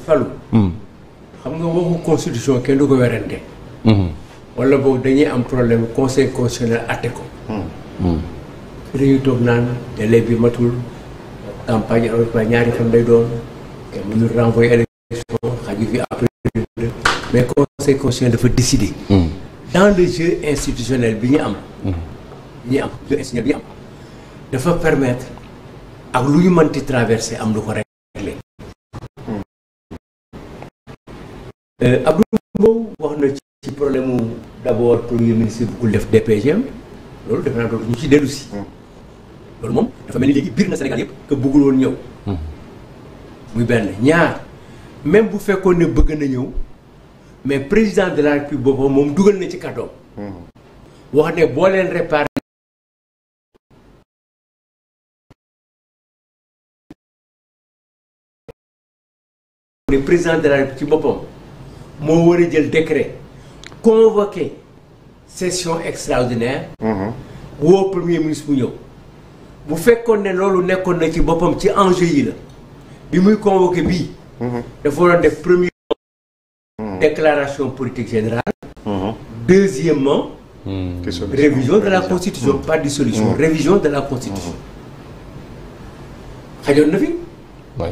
falu hmm. xam nga waxu constitution kenn du ko werante hmm. wala boobu dañuy am problème conseil constitutionnel atte ko hmm. fi dañuy toog naan délai bi matul campagne européenne ñaari fam lay doon kenn mënul renvoyer élection xaju fi après mais conseil constitutionnel dafa décider dans le jeu institutionnel bi ñu am bi ñu am jeu institutionnel bi am dafa permettre ak lu ñu mënti traverser am lu ko régler Euh, Abdou Mbow wax na ci problème mu d' premier ministre bu def DPGM loolu defe naa loolu ñu ci dellu hmm. loolu moom dafa mel ni léegi biir na Sénégal yëpp que bëggul woon ñëw. Hmm. muy benn ñaar même bu fekkoon ne bëgg na ñëw mais président de la République moom dugal na ci kàddoom. Hmm. wax ci boppam. moo war le jël décret convoquer session extraordinaire au mhm. premier ministre mu ñëw bu fekkoon ne qui est na ci un ci enjeu yi la bi muy convoqué premières mhm. faut waroon def premier mhm. déclaration politique générale deuxièmement révision de la constitution pas dissolution révision de la constitution xajoon na fi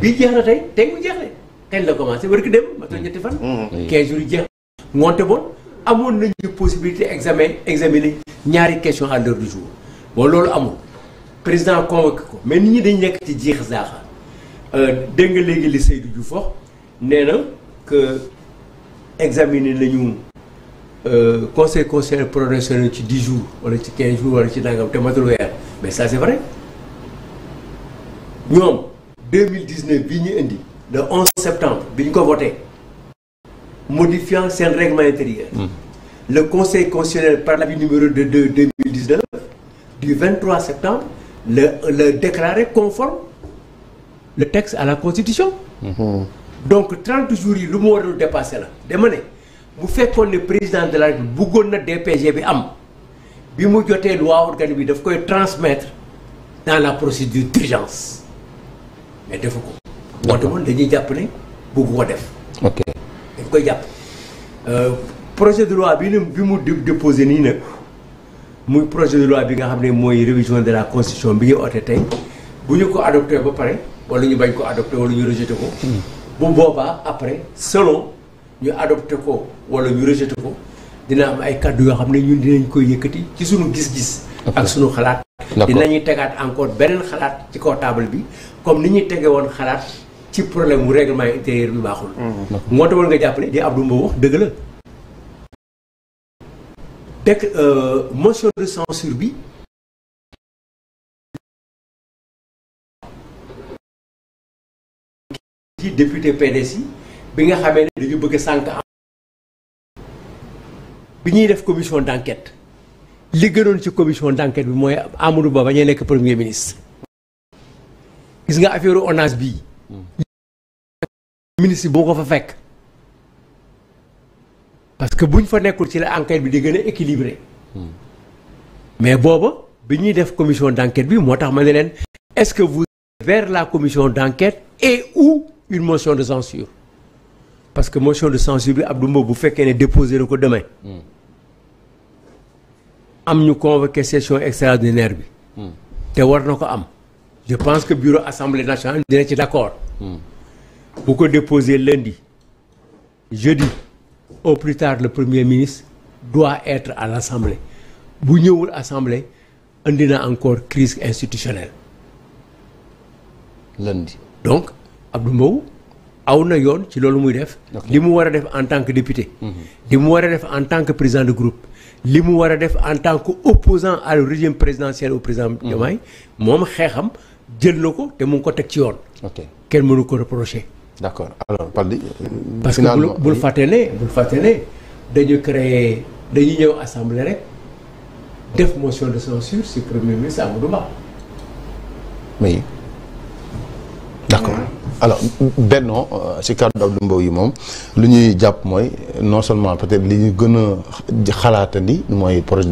bii jeex mu kañ la commencé war ki dem matoo ñetti fan. 15 mm. mm. jours yi jeex moonte bon amoon nañu possibilité examen examiner ñaari question à l'heure du jour bon loolu amul président convoqué ko mais nit ñi dañ nekk ci jeex zaaxa euh, dégg nga léegi li Seydou Diouf wax nee na que examiner nañu euh, conseil conseil professionnel ci 10 jours wala ci 15 jours wala ci nangam te matul weer mais ça c'est vrai ñoom 2019 bii ñu indi le 11 septembre voté modifiant ses règlement intérieur hmm. le conseil constitutionnel par l'avis numéro de 2 2019 du 23 septembre le le conforme le texte à la constitution hmm. donc 30 jours le mot de dépassé la vous Vous bu qu'on président de la République bëggoon na am bi loi organique bi daf transmettre dans la procédure d'urgence mais de vous. wante woon dañuy jàpp ne bëgg ko def. ok dañ koy jàpp. Euh, projet de loi bi bi mu déposé nii nag muy projet de loi bi nga xam ne mooy révision de la constition bi ngay oote tey bu ñu ko adopté ba pare wala ñu bañ ko adopté wala ñu rejeté ko. Hmm. bu boobaa après selon ñu adopté ko wala ñu rejeté ko dina am ay kàddu yoo xam ne ñun dinañ koy yëkkati ci suñu gis-gis. ak suñu xalaat. dinañuy tegaat encore beneen xalaat ci kaw bi comme ni ñuy tege woon xalaat. ci problème mu règlement intérieur bi baaxul. moo taxoon nga jàpp ne di Abdou Mbow wax dëgg la. teg euh, motion de censure bi. ci député PDS bi nga xamee ne dañu bëgg a am. bi ñuy def commission d' li gënoon ci commission d' bi mooy Amadou Ba bañ a nekk premier ministre. gis nga affaire ONAS bi ministre bon fa parce que buñ fa nekkul ci la enquête bi di équilibré mais bobo bon il def commission d'enquête bi moo tax est ce que vous vers la commission d'enquête et ou une motion de censure parce que motion de censure bi vous fait qu'elle est déposée demain am ñu une session extraordinaire bi hmm. té war nako am je pense que bureau assemblée nationale dina ci d'accord. Hmm. Pour que déposer lundi jeudi au plus tard le premier ministre doit être à l'assemblée bu à l'Assemblée, on a encore crise institutionnelle lundi donc Abdou en tant que député ce mhm. en tant que président de groupe li en tant qu'opposant à régime présidentiel au président mhm. Diomaye moom que jël d'accord alors euh, parce que vous le vous le faites, de créer dañu assemblée des de censure sur premier ministre oui d'accord alors ben non, c'est euh, quand yi le lu non seulement peut-être li ñu nous avons. projet